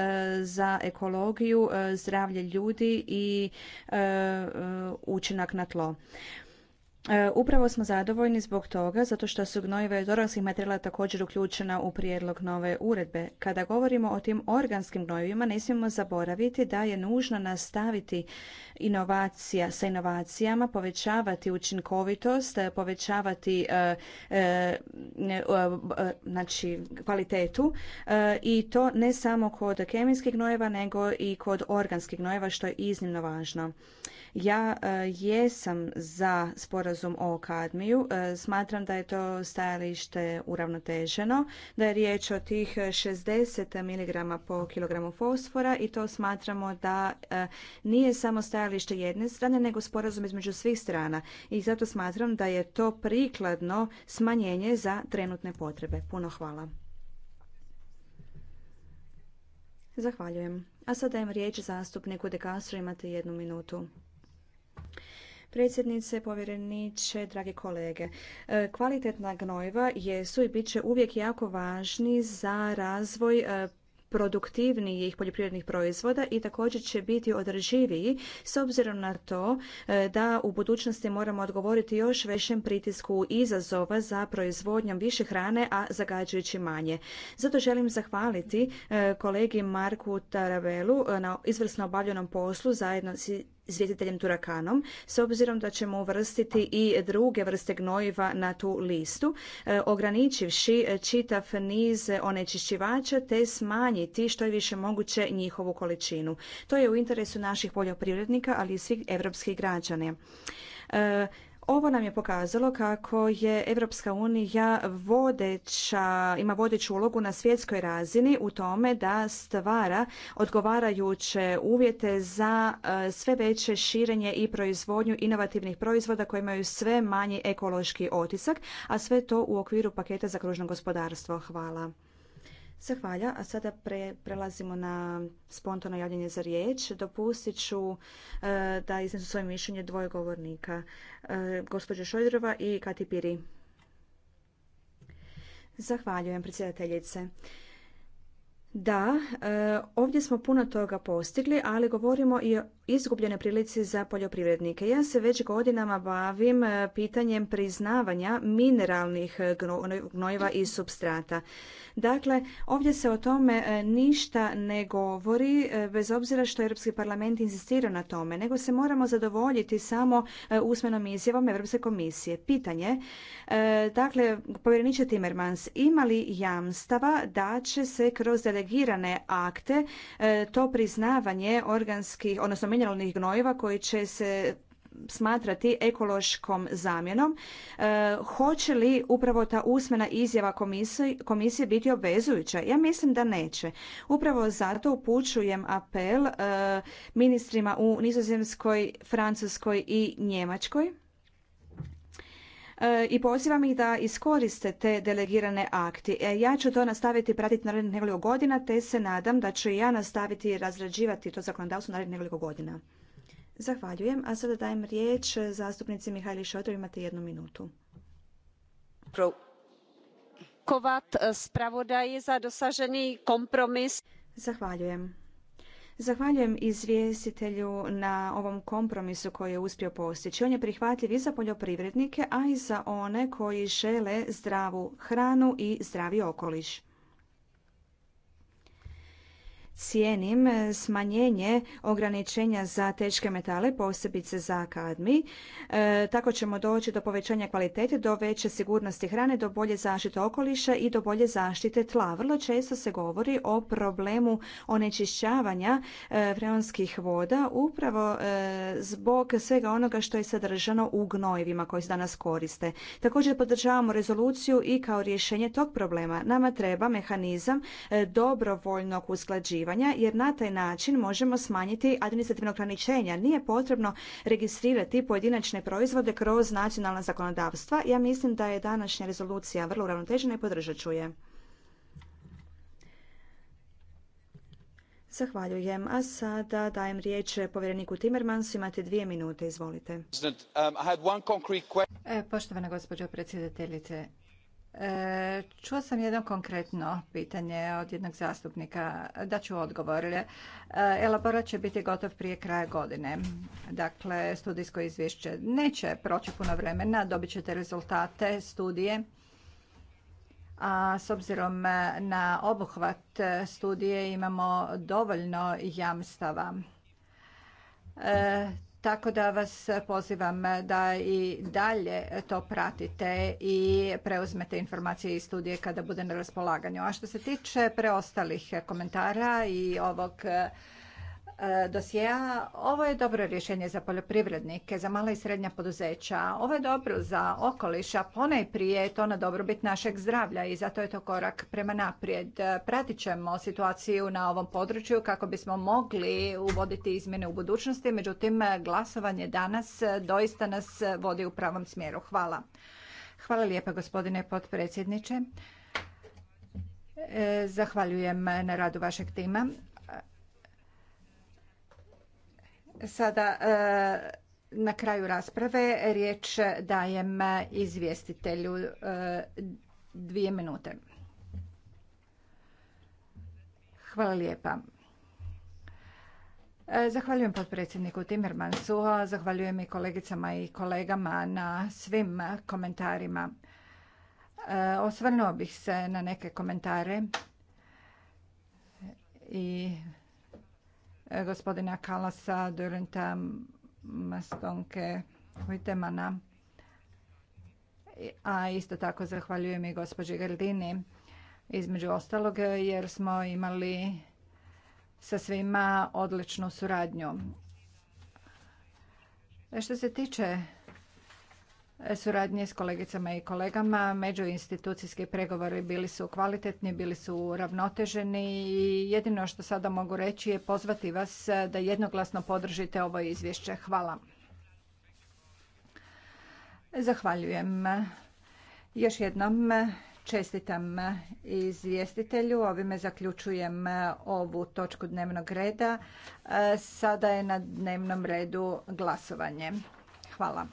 za ekologiju, zdravlje ljudi i e, e, učinak na tlo. E, upravo smo zadovoljni zbog toga, zato što su gnojiva i organskih materijala također uključena u prijedlog nove uredbe. Kada govorimo o tim organskim gnojivima, ne smijemo zaboraviti da je nužno nastaviti inovacija sa inovacijama, povećavati učinkovitost, e, povećavati e, znači, kvalitetu i to ne samo kod kemijskih gnojeva, nego i kod organskih gnojeva, što je iznimno važno. Ja e, jesam za sporazum o kadmiju. E, smatram da je to stajalište uravnoteženo, da je riječ o tih 60 mg po kilogramu fosfora i to smatramo da e, nije samo stajalište jedne strane, nego sporazum između svih strana. I zato smatram da je to prikladno smanjenje za trenutne potrebe. Puno hvala. Zahvaljujem. A sada dajem riječ zastupniku De Castro, imate jednu minutu. Predsjednice, povjereniče, dragi kolege, e, kvalitetna gnojiva jesu i bit će uvijek jako važni za razvoj e, produktivnijih poljoprivrednih proizvoda i također će biti održiviji s obzirom na to e, da u budućnosti moramo odgovoriti još većem pritisku izazova za proizvodnjom više hrane, a zagađujući manje. Zato želim zahvaliti kolegi Marku Taravelu na izvrsno obavljenom poslu zajedno svjetiteljem Turakanom, s obzirom da ćemo uvrstiti i druge vrste gnojiva na tu listu, e, ograničivši e, čitav niz onečišćivača te smanjiti što je više moguće njihovu količinu. To je u interesu naših poljoprivrednika, ali i svih europskih građana. E, ovo nam je pokazalo kako je Europska unija vodeća, ima vodeću ulogu na svjetskoj razini u tome da stvara odgovarajuće uvjete za e, sve veće širenje i proizvodnju inovativnih proizvoda koji imaju sve manji ekološki otisak, a sve to u okviru paketa za kružno gospodarstvo. Hvala. Zahvalja, a sada prelazimo na spontano javljanje za riječ. Dopustit ću e, da iznesu svoje mišljenje dvoje govornika, gospođe gospođa Šojdrova i Kati Piri. Zahvaljujem, predsjedateljice. Da, e, ovdje smo puno toga postigli, ali govorimo i o izgubljene prilici za poljoprivrednike. Ja se već godinama bavim e, pitanjem priznavanja mineralnih gnojiva i substrata. Dakle, ovdje se o tome e, ništa ne govori, e, bez obzira što Europski parlament insistira na tome, nego se moramo zadovoljiti samo e, usmenom izjavom Europske komisije. Pitanje, dakle, povjereniče Timmermans, ima li jamstava da će se kroz delegirane akte to priznavanje organskih, odnosno mineralnih gnojiva koji će se smatrati ekološkom zamjenom. E, hoće li upravo ta usmena izjava komisije, biti obvezujuća? Ja mislim da neće. Upravo zato upućujem apel e, ministrima u Nizozemskoj, Francuskoj i Njemačkoj e, i pozivam ih da iskoriste te delegirane akti. Ja ću to nastaviti pratiti narednih nekoliko godina, te se nadam da ću i ja nastaviti razrađivati to zakonodavstvo narednih nekoliko godina. Zahvaljujem, a sada dajem riječ zastupnici Mihajli Šotov. imate jednu minutu. Kovat spravodaji eh, za dosaženi kompromis. Zahvaljujem. Zahvaljujem izvjestitelju na ovom kompromisu koji je uspio postići. On je prihvatljiv i za poljoprivrednike, a i za one koji žele zdravu hranu i zdravi okoliš cijenim smanjenje ograničenja za teške metale, posebice za kadmi. E, tako ćemo doći do povećanja kvalitete, do veće sigurnosti hrane, do bolje zaštite okoliša i do bolje zaštite tla. Vrlo često se govori o problemu onečišćavanja e, vreonskih voda upravo e, zbog svega onoga što je sadržano u gnojevima koji se danas koriste. Također podržavamo rezoluciju i kao rješenje tog problema nama treba mehanizam e, dobrovoljnog usklađivanja istraživanja jer na taj način možemo smanjiti administrativno ograničenja. Nije potrebno registrirati pojedinačne proizvode kroz nacionalna zakonodavstva. Ja mislim da je današnja rezolucija vrlo uravnotežena i podržat ću je. Zahvaljujem. A sada dajem riječ povjereniku Timmermansu. Imate dvije minute, izvolite. Um, e, poštovana gospođo predsjedateljice, E, čuo sam jedno konkretno pitanje od jednog zastupnika, da ću odgovor. E, elaborat će biti gotov prije kraja godine. Dakle, studijsko izvješće neće proći puno vremena, dobit ćete rezultate studije. A s obzirom na obuhvat studije imamo dovoljno jamstava. E, tako da vas pozivam da i dalje to pratite i preuzmete informacije i studije kada bude na raspolaganju. A što se tiče preostalih komentara i ovog E, dosjea. Ovo je dobro rješenje za poljoprivrednike, za mala i srednja poduzeća. Ovo je dobro za okoliš, a ponajprije je to na dobrobit našeg zdravlja i zato je to korak prema naprijed. E, pratit ćemo situaciju na ovom području kako bismo mogli uvoditi izmjene u budućnosti, međutim glasovanje danas doista nas vodi u pravom smjeru. Hvala. Hvala lijepa gospodine potpredsjedniče. E, zahvaljujem na radu vašeg tima. Sada e, na kraju rasprave riječ dajem izvjestitelju e, dvije minute. Hvala lijepa. E, zahvaljujem potpredsjedniku Timmermansu, zahvaljujem i kolegicama i kolegama na svim komentarima. Osvrnuo bih se na neke komentare i E, gospodina Kalasa, Durenta, Mastonke, Vitemana. A isto tako zahvaljujem i gospođi Gardini, između ostalog, jer smo imali sa svima odličnu suradnju. E, što se tiče suradnje s kolegicama i kolegama. Međuinstitucijski pregovori bili su kvalitetni, bili su uravnoteženi i jedino što sada mogu reći je pozvati vas da jednoglasno podržite ovo izvješće. Hvala. Zahvaljujem. Još jednom čestitam izvjestitelju. Ovime zaključujem ovu točku dnevnog reda. Sada je na dnevnom redu glasovanje. Hvala.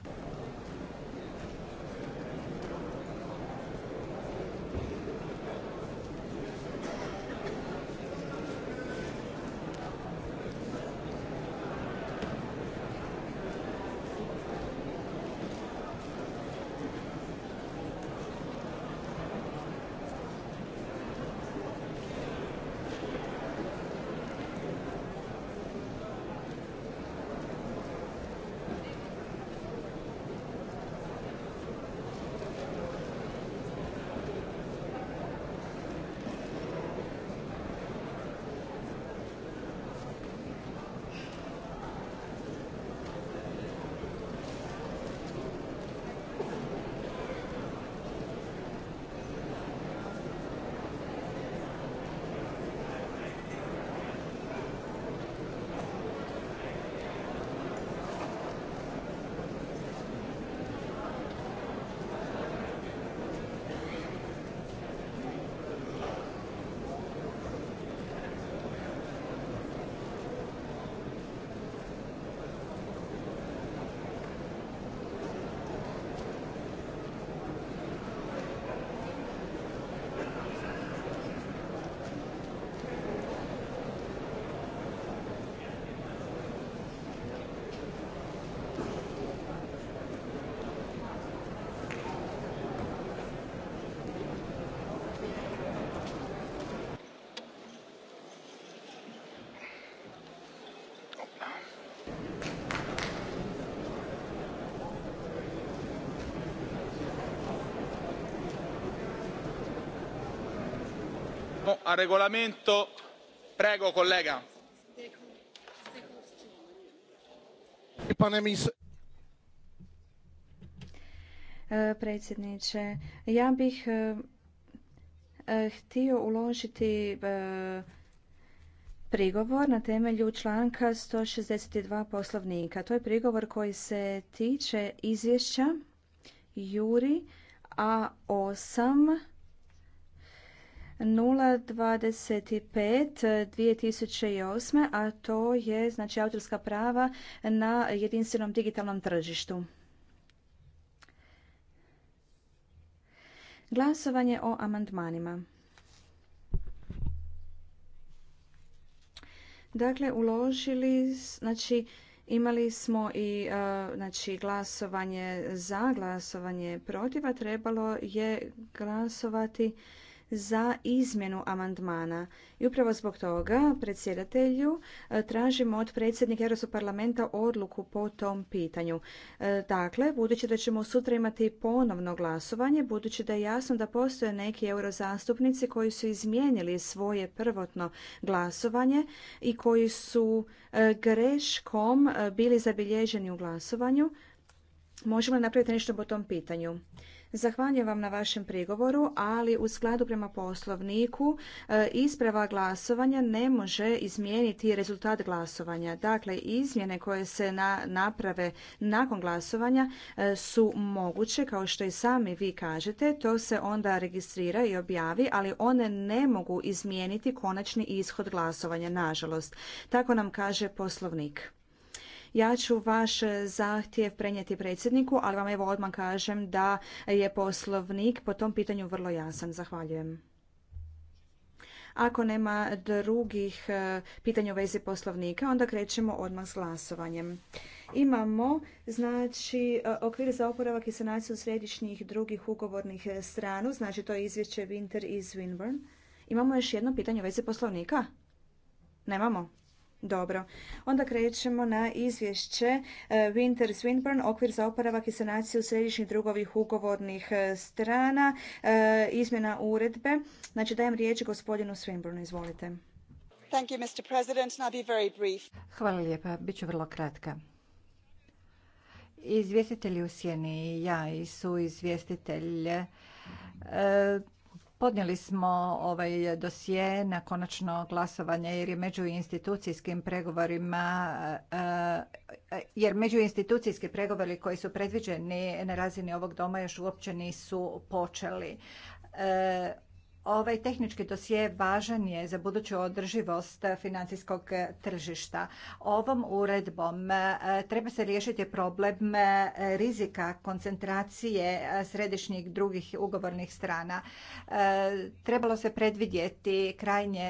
a regolamento prego kolega e e, predsjedniče ja bih e, htio uložiti prigovor na temelju članka 162 poslovnika. To je prigovor koji se tiče izvješća Juri A8 025 2008, a to je znači autorska prava na jedinstvenom digitalnom tržištu. Glasovanje o amandmanima. Dakle, uložili, znači, imali smo i e, znači, glasovanje za, glasovanje protiva. Trebalo je glasovati za izmjenu amandmana. I upravo zbog toga predsjedatelju e, tražimo od predsjednika Europskog parlamenta odluku po tom pitanju. E, dakle, budući da ćemo sutra imati ponovno glasovanje, budući da je jasno da postoje neki eurozastupnici koji su izmijenili svoje prvotno glasovanje i koji su e, greškom bili zabilježeni u glasovanju, možemo li napraviti nešto po tom pitanju? Zahvaljujem vam na vašem prigovoru, ali u skladu prema poslovniku e, isprava glasovanja ne može izmijeniti rezultat glasovanja. Dakle, izmjene koje se naprave nakon glasovanja e, su moguće, kao što i sami vi kažete. To se onda registrira i objavi, ali one ne mogu izmijeniti konačni ishod glasovanja, nažalost. Tako nam kaže poslovnik. Ja ću vaš zahtjev prenijeti predsjedniku, ali vam evo odmah kažem da je poslovnik po tom pitanju vrlo jasan. Zahvaljujem. Ako nema drugih e, pitanja u vezi poslovnika, onda krećemo odmah s glasovanjem. Imamo znači e, okvir za oporavak i sanaciju središnjih drugih ugovornih stranu, znači to je izvješće Winter i Swinburne. Imamo još jedno pitanje u vezi poslovnika? Nemamo. Dobro. Onda krećemo na izvješće e, Winter Swinburne, okvir za oporavak i sanaciju središnjih drugovih ugovornih e, strana, e, izmjena uredbe. Znači dajem riječ gospodinu Swinburne, izvolite. Thank Hvala lijepa, bit ću vrlo kratka. Izvjestitelji u Sjeni i ja i su izvjestitelj Podnijeli smo ovaj dosije na konačno glasovanje jer je među institucijskim pregovorima eh, jer institucijski pregovori koji su predviđeni na razini ovog doma još uopće nisu počeli eh, Ovaj tehnički dosje važan je za buduću održivost financijskog tržišta. Ovom uredbom e, treba se riješiti problem e, rizika koncentracije e, središnjih drugih ugovornih strana. Trebalo se predvidjeti krajnje